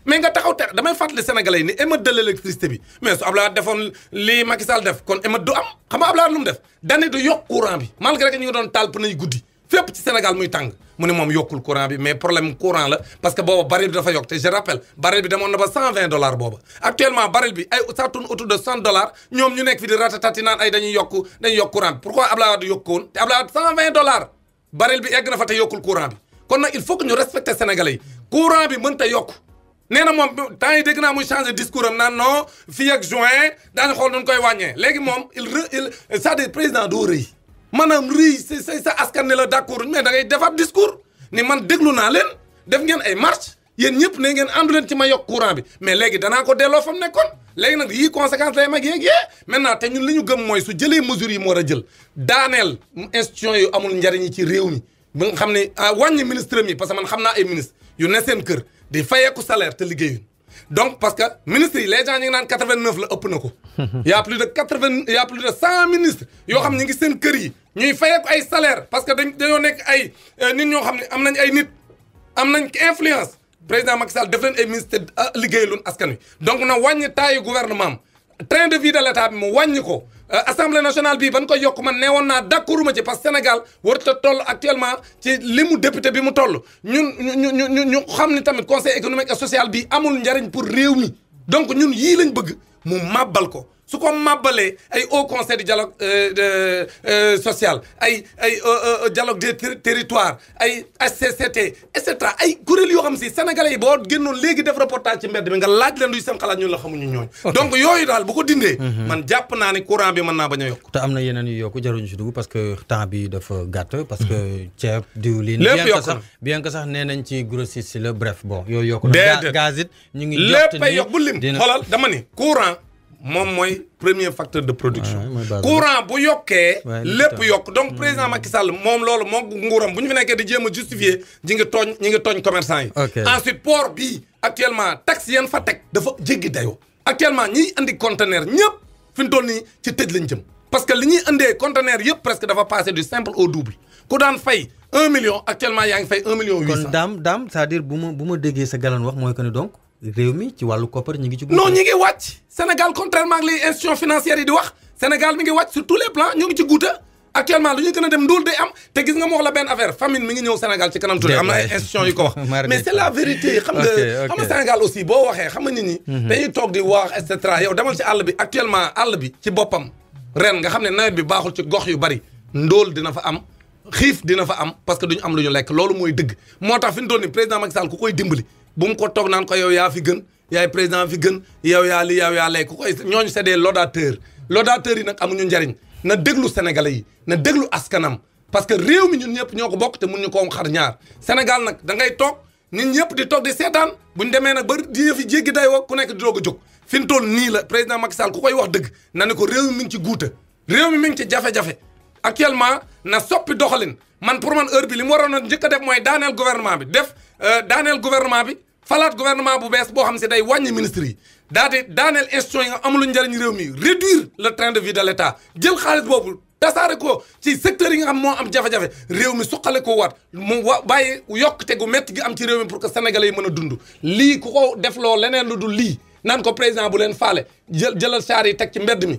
[SPEAKER 3] mais nga taxaw te damay fàttali sénégalais yi ni émeute de l'électricité bi mais su Abdoulaye defoon lii Macky def kon émeute du am xam nga Abdoulaye lu mu def dane du yokk courant bi malgré ñu doon taal pneu guddi fépp ci Sénégal muy tàng mu ne moom yokkul courant bi mais problème courant la parce que booba baril bi dafa yokk te je rappelle baril bi demoon na ba cent vingt dollars booba actuellement baril bi ay ça tourne autour de cent dollars nekk fi di ratatati naan ay dañuy yokku dañuy yokk courant bi pourquoi Abdoulaye Wade yokk ko woon te Abdoulaye Wade baril bi egg na fa te yokkul courant bi kon nag il nee na moom temps yi dégg naa muy changé discours am naan non fii ak juin daañu xool duñ koy wàññee léegi moom il re il président doo rëy maanaam rëy sa sa askan ne la d'accord mais da ngay def ab discours ni man déglu naa leen def ngeen ay marche yéen ñëpp ne ngeen àndu leen ci ma yokk courant bi mais léegi danaa ko delloo fa mu nekkoon léegi nag yii conséquence lay mag yeeg yee maintenant te ñun li ñu gëm mooy su jëlee mesures yi mu war a jël daaneel institution yi amul njariñ ci réew mi ba xam ne ah, wàññi ministre mi parce que man xam naa ay ministre yu ne seen kër di fayeeku salaire te liggéeyuñ donc parce que ministres yi les gens ñu ngi naan quatre vingt neuf la ëpp na ko y' a plus de quatre vingt y' a plus de cent ministres yoo xam ñu ngi seen kër yi ñuy fayeeku ay salaire parce que dañ dañoo nekk ay euh, nit ñoo xam ne am nañ ay nit am nañ influence président Macky Sall def ay ministres te ah, liggéeyaloon askan wi donc na wàññi tay gouvernement am train de vie de l' mu wàññi ko Euh, assemblée nationale bi ban ko yokk man ne woon naa d'accord ma ci parce que Sénégal a toll actuellement ci li mu député bi mu toll ñun ñu ñu ñu ñu xam ni tamit conseil économique et social bi amul njariñ pour réew mi donc ñun yii lañ bëgg mu màbbal ko. su ko màbbalee ay haut conseil de dialogue euh, euh, social ay ay euh, euh, dialogue des territoires ay HCCT et cetera ay kuréel yo xam si sénégalais bo boo légui def reportage ci mbéd bi nga laaj len luy seen xalaat ñun la xamuñu ñooñ donc yooyu dal bu ko dindee mhm. man japp naa ni courant bi man na bañ a yokk
[SPEAKER 2] te am na yeneen yu yokku jaruñu ci dugg parce que temps bi dafa gàtt parce que mhm. ceeb diwlin lépp yokk na
[SPEAKER 3] bien que sax nenañ ci grossiste le bref bon yooyu yokku na gaz it ñu ngi lépp ay yokk bu lim xoolal dama ni courant moom mooy premier facteur de production courant bu yoké lépp yok donc mm. président Macky Sall mom lolu mo ngouram buñu ñu fi di jéem justifier ñi nga togn ñi nga togn commerçant yi ensuite port bi actuellement taxe yan fa tek dafa jéggi dayo actuellement ñi andi conteneur ñëpp fi toll ni ci tëj lañ jëm parce que li ñi andee conteneur yëpp presque dafa passer du simple au double ku daan fay 1 million actuellement yaa ngi fay 1 million 800 cent kon daam daam c'est-à-dire bu ma
[SPEAKER 2] déggé sa galan wax moy que ni donc réumi ci walu koppar ñu ngi ci. non ñu ngi
[SPEAKER 3] wacc Sénégal contrairement ak les institutions financières yi di wax Sénégal mi ngi wacc sur tous les plans ñu ngi ci guuta actuellement lu ñu gëna dem ndóol day am te gis nga ma wax la ben affaire famine mi ngi ñew Sénégal ci kanam tour am na institution institutions yu ko wax mais c'est la vérité xam nga xam nga Sénégal aussi bo waxé xam nga ni mhm. dañuy tok di wax et cetera yow demal ci all bi actuellement all bi ci bopam ren nga xamné ne nawet bi baxul ci gox yu bari ndol dina fa am xiif dina fa am parce que duñu am lu ñu lekk loolu mooy dëgg moo tax fi ñu toll ni président Macky Sall ku koy dimbali bu mu ko toog naan ko yow yaa fi gën yaay président fi gën yow yaa li yow yaa lay ku koy ñooñu c'est des laudateurs laudateurs yi nag amuñu njariñ na déglu sénégalais yi na déglu askanam parce que réew mi ñun ñëpp ñoo ko bokk te mun ñu ko xar ñaar Sénégal nag da ngay toog nit ñëpp di toog di seetaan bu ñu demee nag ba di yëfi jéggi day woo ku nekk di doog a jóg fi mu toll nii la président Macky Sall ku koy wax dëgg na ne ko réew mi mi ngi ci guuta réew mi mi ngi ci jafe-jafe actuellement na soppi doxalin man pour man heure bi li mu waroon a njëkk a def mooy daaneel bi def Euh, daaneel gouvernement bi falaat gouvernement bu bees boo xam si day wàññi ministre yi daa di daaneel institution yi nga réew mi réduire le train de vie de l' état jël xaalis boobu tasaare ko ci secteur yi nga xam moo am jafe-jafe réew mi suqale ko waat mu wa bàyyi yokkute gu métti gi am ci réew mi pour que sénégalais yi mën a dund lii ku ko def loo leneen lu dul lii naan ko président bu leen faale jël jëlal saar yi teg ci mbedd mi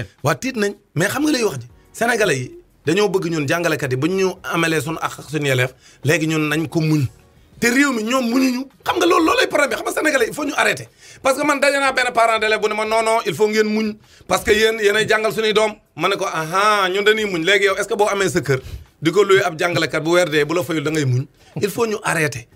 [SPEAKER 3] ngeen. waa tiit nañ mais xam nga lay wax ji sénégalais yi dañoo bëgg ñun jàngalekat yi ba ñu amalee suñu ak suñu élève léegi ñun nañ ko muñ te réew mi ñoom muñuñu xam nga loolu loolay problème bi xam nga sénégalais il faut ñu arrêté parce que man daje naa que yéen yéenay jàngal suñuy doom ma ne ko aha ñun dañuy sa kër bu weer dee bu la fayul da ngay ñu arrêté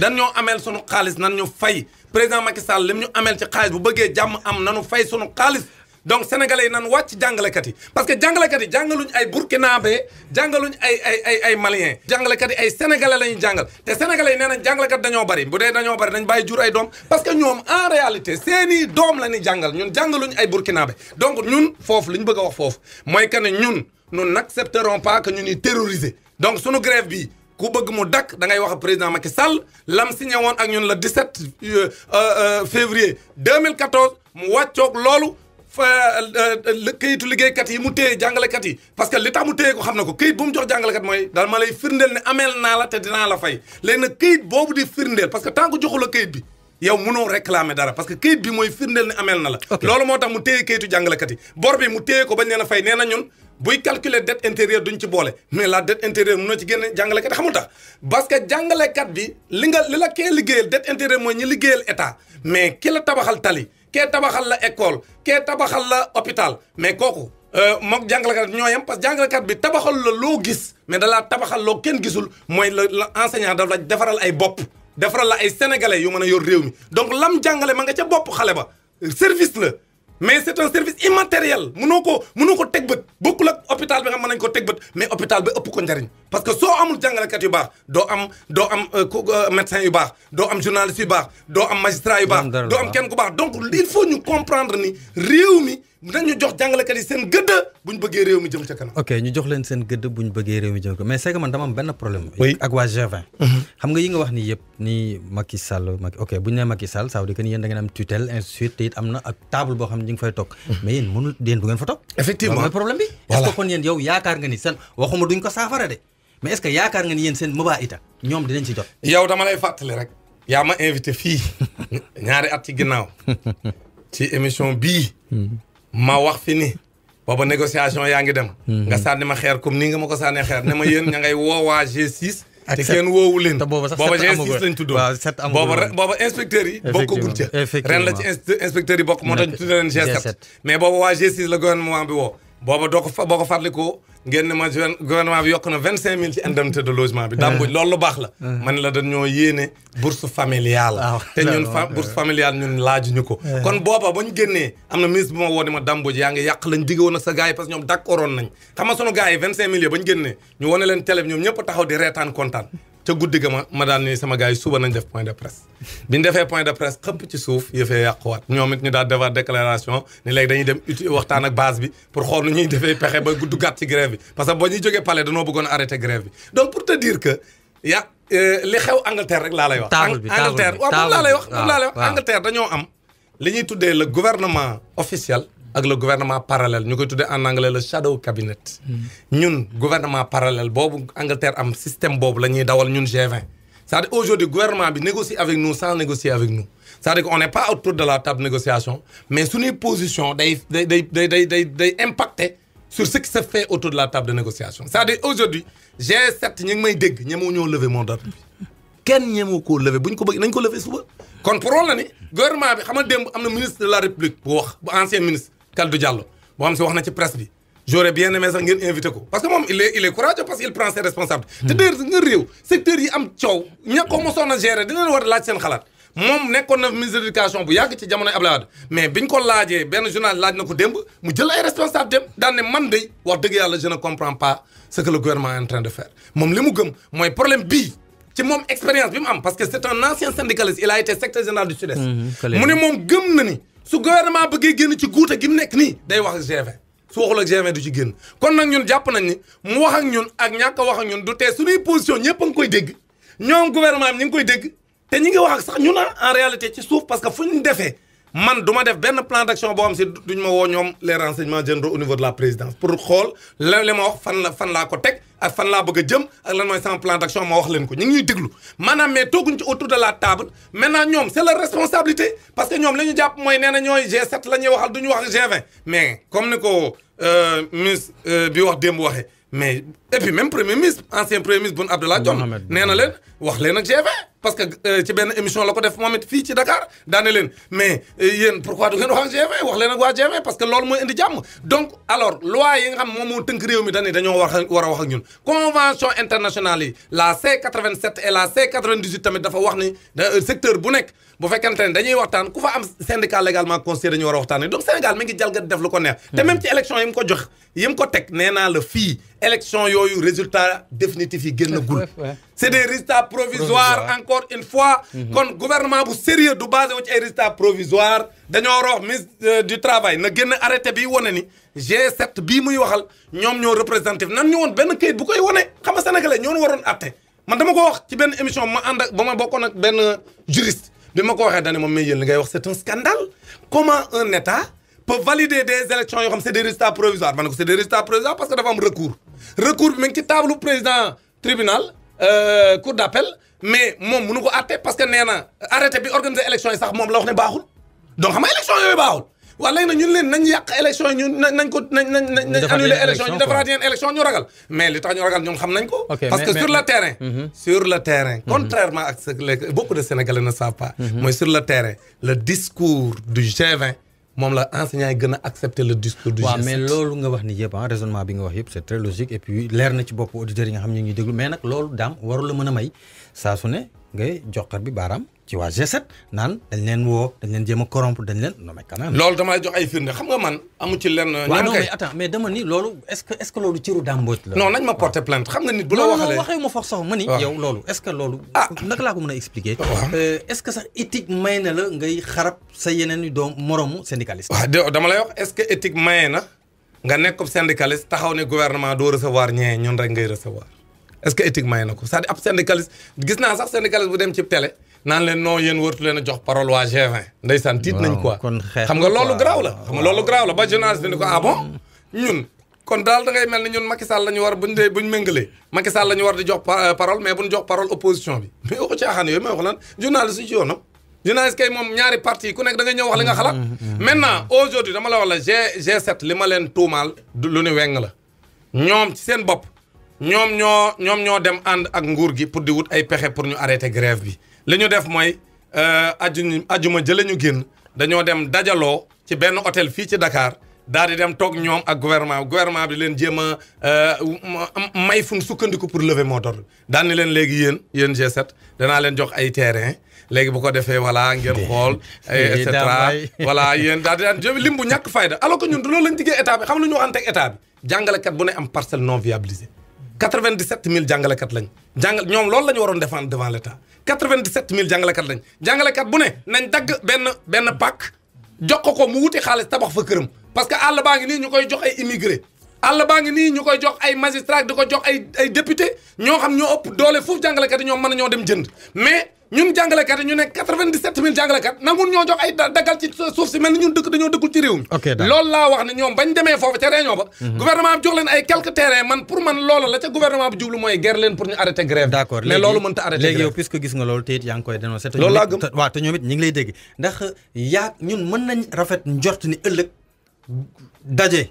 [SPEAKER 3] dan ñoo ameel sunu xaalis nan ñu fay président Macky Sall lim ñu ameel ci xaalis bu bëggee jàmm am nanu fay sunu xaalis donc sénégalais yi nan wàcc jàngalekat yi parce que jàngalekat yi jàngaluñ ay burkinabé jàngaluñ ay ay ay ay malien jàngalekat yi ay sénégalais lañu jangal té sénégalais nena nee nañ jàngalekat bari budé dee bari dañ baye jur ay dom parce que ñom en réalité seeni doom la ñuy jàngal ñun jàngaluñ ay burkinabé donc ñun fofu liñ bëgg wax fofu moy que ñun nous n'accepterons pas que ñu ñuy terroriser donc sunu grève bi ku bëgg mu dak da ngay wax président Macky Sall lam signé won ak ñun le 17 euh, euh, euh, février 2014 mu waccok lolu fa euh, euh, këyitu liggéeykat yi mu téye jàngalekat yi parce que li tax mu téye ko xam na ko këyit bu mu jox jàngalekat mooy daal ma lay firndeel ne ameel na la te dinaa la fay léegi nag këyit boobu di firndeel parce que tant que bi la këyit bi yow mënoo réclamer dara parce que këyit bi mooy firndeel ne ameel na la loolu moo tax mu téye këyitu jàngalekat yi bor bi mu téye ko bañ leen a fay nee na ñun buy calculer dette intérieure duñ ci boole mais la dette intérieure mënoo ci génne jàngalekat yi xamul tax parce que jàngalekat bi li nga li la kee liggéeyal dette intérieure mooy ñi liggéeyal état mais ki la kee tabaxal la école kee tabaxal la hôpital mais kooku euh, mook jàngalekat ñoo yem parce que jàngalekat bi tabaxal la loo gis mais dalaa tabaxal loo kenn gisul mooy la enseignant daf la defaral ay bopp defaral la ay sénégalais yoo mën a yor réew mi donc lam jàngale ma nga ca bopp xale ba service la mais c'est un service immatériel Il ko mënoo beaucoup l'hôpital mais hôpital ko parce que soo amul un yu un doo am des am euh, euh, médecin yu am journaliste yu a magistrat donc il faut nous comprendre ni nañu jox jàngalekat yi seen gëdd bu ñu bëggee réew mi jëm ca kanam.
[SPEAKER 2] ok ñu jox leen seen gëdd bu ñu bëggee réew mi jëm ca mais c'est que man dama am benn problème. oui ak waa G20. Mhm. xam nga yi nga wax ni yëpp ni Macky Sall Macky ok bu nee Macky Sall ça veut dire que ni yéen da ngeen am tutelle ainsi de suite te it am na ak table boo xam ne ñu ngi fay toog. Mhm. mais yéen mënul yéen du ngeen fa toog. effectivement loolu mooy problème bi. voilà est-ce que kon yéen yow yaakaar nga ni seen waxuma duñ ko saafara de mais est-ce que yaakaar nga ni yéen seen mëbaa ita ñoom dinañ ci jot. yow dama lay fàttali rek.
[SPEAKER 3] yaa ma invité fii ñaari at ci ginnaaw ci émission bii hmm. ma wax fi ni booba négociation yaa ngi dem. Mhm. nga sànni ma xeer comme ni nga ma ko sànnee xeer ne ma yéen ña ngay woowaa G6. te kenn woowu leen te booba sax G6 lañ tuddoo booba booba inspecteurs yi bokkaguñ
[SPEAKER 2] ca ren la ci
[SPEAKER 3] inspecteurs yi bokk moo tax ñu tuddee G7 mais booba waa G6 la gouvernement bi woo booba doo ko fa ko fàttalikoo ngeen ne ma gouvernement bi yokk na vingt cinq mille ci indemnité de logement bi dambuj eh. loolu lu baax la eh. man la dañoo yéene bourse ah, te ñun bourse familiale ñun laajuñu ko eh. kon booba ba ñu génnee am na ministre bu ma woo ne ma dambuj yaa ngi yàq lañ digé sa gars yi parce que nañ xam nga sunu gars yi vingt cinq ba ñu génnee ñu wane leen télé bi ñoom ñëpp taxaw di reetaan kontaan ca guddi ga ma ma ni sama nañ def point de presse bi ñu point de presse ci déclaration ni léegi dañuy dem waxtaan ak base bi pour xool ñuy defee pexe ba gudd gàtt ci grève parce que palais grève donc pour te dire que ya euh, li xew Angleterre rek lay wax. Angleterre Angleterre am li ñuy le gouvernement officiel ak le gouvernement parallèle ñu koy tuddee en anglais le shadow cabinet. ñun gouvernement parallèle boobu Angleterre am système boobu la ñuy dawal ñun G20. c'est-à-dire aujourd'hui gouvernement bi négocie avec nous sans négocier avec nous c'est-à-dire qu'on n'est pas autour de la table de négociation mais suñuy position day day day day day day impacté sur ce qui se fait autour de la table de négociation c'est-à-dire aujourd'hui G7 ñi ngi may dégg ñemoo ñoo lever mon d'ordre bi kenn ñemoo levé, lever buñ ko bëgg nañ ko levé suba kon pour la ni gouvernement bi xam nga démb am na ministre de la république bu wax bu ancien ministre Kalidou Diallo boo xam ci wax na ci presse bi j'aurais bien aimé sax ngeen invité ko parce que moom il est il est courageux parce qu'il prend ses responsabilités. Hmm. te d'ailleurs nga réew secteur yi am coow ña ko mosoon a gérer dina war a laaj seen xalaat moom nekkoon na ministre de l'éducation bu yàgg ci jamono Abdoulaye mais biñ ko laajee benn journal laaj na ko démb mu jël ay responsabilités dem daan ne man de wax dëgg yàlla je ne comprends pas ce que le gouvernement est en train de faire moom li mu gëm mooy problème bii. ci moom expérience bi mu am parce que c'est un ancien syndicaliste il a été secrétaire général du Sud-Est. Hmm, hmm, mu ne moom gëm na ni. su gouvernement bëggee génn ci guute gi mu nekk nii day wax ak G20 su waxul ak du ci génn kon nag ñun jàpp nañ ni mu wax ak ñun ak ñàkk a wax ak ñun du tee suñuy position ñëpp a ngi koy dégg ñoom gouvernement bi ñu ngi koy dégg te ñi ngi wax ak sax ñun en réalité ci suuf parce que fu ñu defee man du def ben plan d'action bo am ci duñ ma wo ñom les renseignements généraux au niveau de la présidence pour xol la li wax fan la fan la ko tek ak fan la bëgg jëm ak lan moy sama plan d'action ma wax leen ko ñu ngi ñuy déglu maanaam mais tooguñ ci autour de la table maintenant ñom c'est leur responsabilité parce que ñom lañu japp moy néna ñoy G7 lañu waxal duñ wax G20 mais comme ni ko euh, miss euh, bi wax dem waxee mais et puis même premier ministre ancien premier ministre Boun Abdallah Dionne néna leen wax leen ak G20 parce que euh, ci ben émission la ko def momit fi ci Dakar dané len mais euh, yéen pourquoi do ngeen wax GV wax len ak waa GV parce que lool moy indi jàmm donc alors loi yi nga xam moom moo tënk réew mi dañ ne dañoo war wax ak ñun convention internationale la C87 et la C98 tamit dafa wax ni euh, secteur bu nek bu fekkente ne dañuy waxtaan ku fa am syndicat légalement conseillé dañu wara a donc Sénégal mi ngi jalgati def lu ko neex. Hmm. te même ci élection yi mu ko jox yi mu ko teg nee naa la élection yoyu résultat définitif yi génn gul. C'est des résultats provisoires encore une fois. le mhm. gouvernement bu sérieux de basé des résultats provisoires dañoo que ministre euh, du travail na génn arrêté bi wane ni G7 bii muy waxal ñoom ñoo représentatif nan ñu woon ben kayit bu koy wane xam sénégalais ñoo waroon atte man dama ko wax ci benn émission ma ànd ba ma juriste bi ma ko waxee daanaka un scandale comment un état peut valider des élections comme xam des résultats provisoires C'est des résultats provisoires parce que a un recours recours même qui table ci table président tribunal. Euh, cour d'appel mais moom mënu ko àtte parce que nee arrêté bi organiser élection ça, sax la wax ne donc xam nga élection yooyu baaxul waaw léegi nag ñun leen nañ l'élection, élection yi l'élection, nañ ko nañ élection mais li tax ñu ragal xam nañ parce que mhm. sur le terrain sur le terrain contrairement à ce que beaucoup de Sénégalais ne savent pas mais mhm. sur le terrain le discours du G20 moom la enseignant yi gën a accepter le discours du waaw mais
[SPEAKER 2] loolu nga wax ni yëpp ah bi nga wax yëpp c'est très logique et puis leer na ci bopp auditeurs yi nga xam ñu ngi déglu nag loolu daam warul mën a may saa su ne ngay joxar bi baaraam ci waa G7 naan dañ leen woo dañ leen jéem a corrompre dañ leen non mais quand même. loolu
[SPEAKER 3] damay jox ay firnde xam nga man. amu ci lenn ñoom kay waaw non loolu est
[SPEAKER 2] est est a expliquer. Euh, est may na la ngay xarab sa yeneen i doom moromu syndicaliste.
[SPEAKER 3] waaw dama lay wax est-ce que éthique maye na nga nekk syndicaliste taxaw ne gouvernement doo recevoir ñee ñun rek ngay recevoir est-ce que éthique maye na ko cest à ab syndicaliste gis naa sax syndicaliste bu dem ci télé naan leen noo yéen wartu leen a jox parole waa G20. ndeysaan tiit nañ quoi xam nga loolu garaaw la xam nga loolu ba journaliste ni ko ah bon mm. daal da ngay mel ni ñun Macky Sall la ñu war buñ dee buñ méngalee Macky Sall la ñu war di jox euh, parole mais buñ jox parole opposition bi mais waxu caaxaan yooyu may wax lan journaliste yi ci yoonam kay moom ñaari parti ku nekk da nga ñëw wax li a xalaat mm, mm, maintenant aujourd'hui dama la wax la G g li ma leen tuumaal lu ni weng la ñoom seen bopp ñoom ñoo ñoom ñoo dem ànd ak nguur gi pour di wut ay pexe pour ñu arrêter grève bi li ñu def mooy euh, aju ajuma jële ñu génn dañoo dem dajaloo ci benn hôtel fii ci dakaar daal di dem toog ñoom a gouvernement gouvernement bi leen jéem a euh, may fu mu sukkandiku pour lever mot d'ordre daan ni leen léegi yéen yéen g danaa leen jox ay terrain léegi bu ko defee wala ngeen xool et cetera voilà yéen daal di daan lim bu ñàkk fayda alors que ñun loolu lañ diggee état bi xam lu ñu waxante ak état bi jàngalekat bu ne am parcelle non viabilisée 97 000 jàngalekat lañ jàngal ñoom la ñu waroon défendre devant quatre-vingt-sept mille jàngalekat lañ jàngalekat bu ne nañ dagg benn benn pàkk jox ko ko mu wuti xaalis tabax fa këram parce que àll baa ngi nii ñu koy jox ay immigré àll baa ngi nii ñu koy jox ay magistrat di ko jox ay ay député ñoo xam ñoo ëpp doole foofu jàngalekat ñoom mën a ñoo dem jënd mais ñu nekk quatre-vingt-dix-sept mille jàngalekat nangun ñoo jox ay daggal ci suuf si mel ni ñun dëkk dañoo dëkkul ci réew mi loolu laa wax ne ñoom bañ demee
[SPEAKER 2] mhm. rafet njort ni ëllëg daje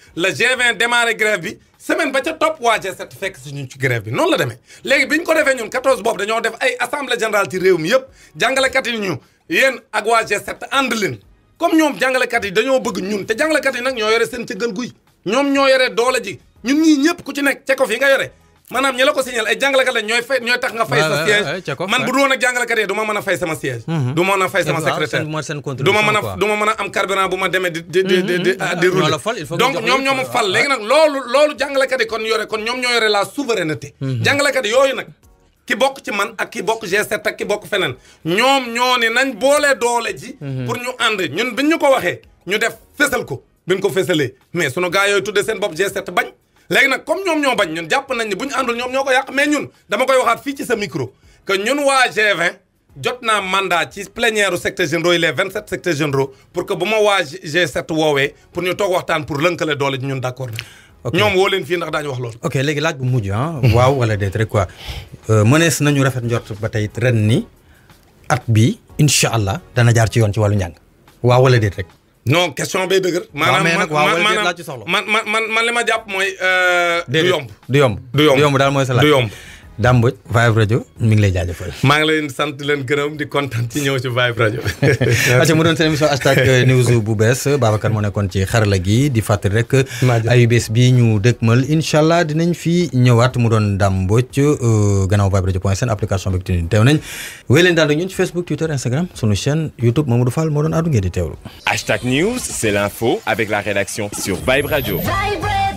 [SPEAKER 3] la G20 démarré grève bi semaine ba ca topp waa G7 si ñu ci grève bi noonu la demee léegi bi ñu ko defee ñun 14 boobu dañoo def ay assemblée générale ci réew mi yëpp jàngalekat yi ñu yéen ak waa G7 ànd leen comme ñoom jàngalekat yi dañoo bëgg ñun te jàngalekat yi nag ñoo yore seen cëggal guy ñoom ñoo yore doole ji ñun ñii ñëpp ku ci nekk ce ko fi nga yore maanaam ñi la ko signal ay jàngalekat la ñooy fay ñooy tax nga fay sa siège man bu du ma mën a fay a fay sama secrétaire mhm. du ma mën a du am carburant bu ma demee di di mhm. nag loolu loolu jàngalekat kon yore kon ñoom ñoo yore la souveraineté mhm. jàngalekat yooyu nag ki bokk ci man ak ki bokk G7 ak ki bokk feneen ñoom ñoo ne nañ boole doole ji pour ñu ànd ñun biñ ñu ko waxee ñu def fésal ko biñ ko fésalee mais sunu gaa yooyu tudde seen bopp G7 bañ léegi nag comme ñoom ñoo bañ ñun jàpp nañ ne bu ñu àndul ñoom ñoo ko yàq mais ñun dama koy waxaat fii ci sa micro que ñun waa g jot naa mandat ci plénière u secteur généraux yi les 27 secteurs généraux pour que bu ma waa G7 woowee pour ñu toog waxtaan pour lënkale doole ñun d' accord ñoom woo leen fii ndax daañu wax loolu
[SPEAKER 2] ok léegi laaj bu mujj ah waaw wala déet rek quoi euh, mënees nañu rafet njort ba tey ren ni at bi incha allah dana jaar ci yoon ci wàllu njàng waaw wala
[SPEAKER 3] non question bay dëgër. maanaam man man man li ma jàpp mooy. Euh, du yomb du yomb. du yomb daal mooy sa laaj yomb.
[SPEAKER 2] Dambut, Vibe Radio mi ngi lay jaajëfal.
[SPEAKER 3] maa ngi leen sant leen gërëm di kontaan ci ñëw ci Vibe Radio. acca mu doon seen émission hashtag news
[SPEAKER 2] bu bees Babacar moo nekkoon ci xarala gi di fàttali rek. ayu bees bi ñu dëkkmal incha allah dinañ fi ñëwaat mu doon Damboj euh, gannaaw Vibe Radio point sen application bi tuuti teew nañ. wéy leen daal ñun ci Facebook Twitter Instagram sunu chaîne YouTube Mamadou Fall moo doon àddu ngeen di teewlu.
[SPEAKER 1] hashtag news c'est l'info avec la rédaction sur Vibe Radio.
[SPEAKER 2] Vibe.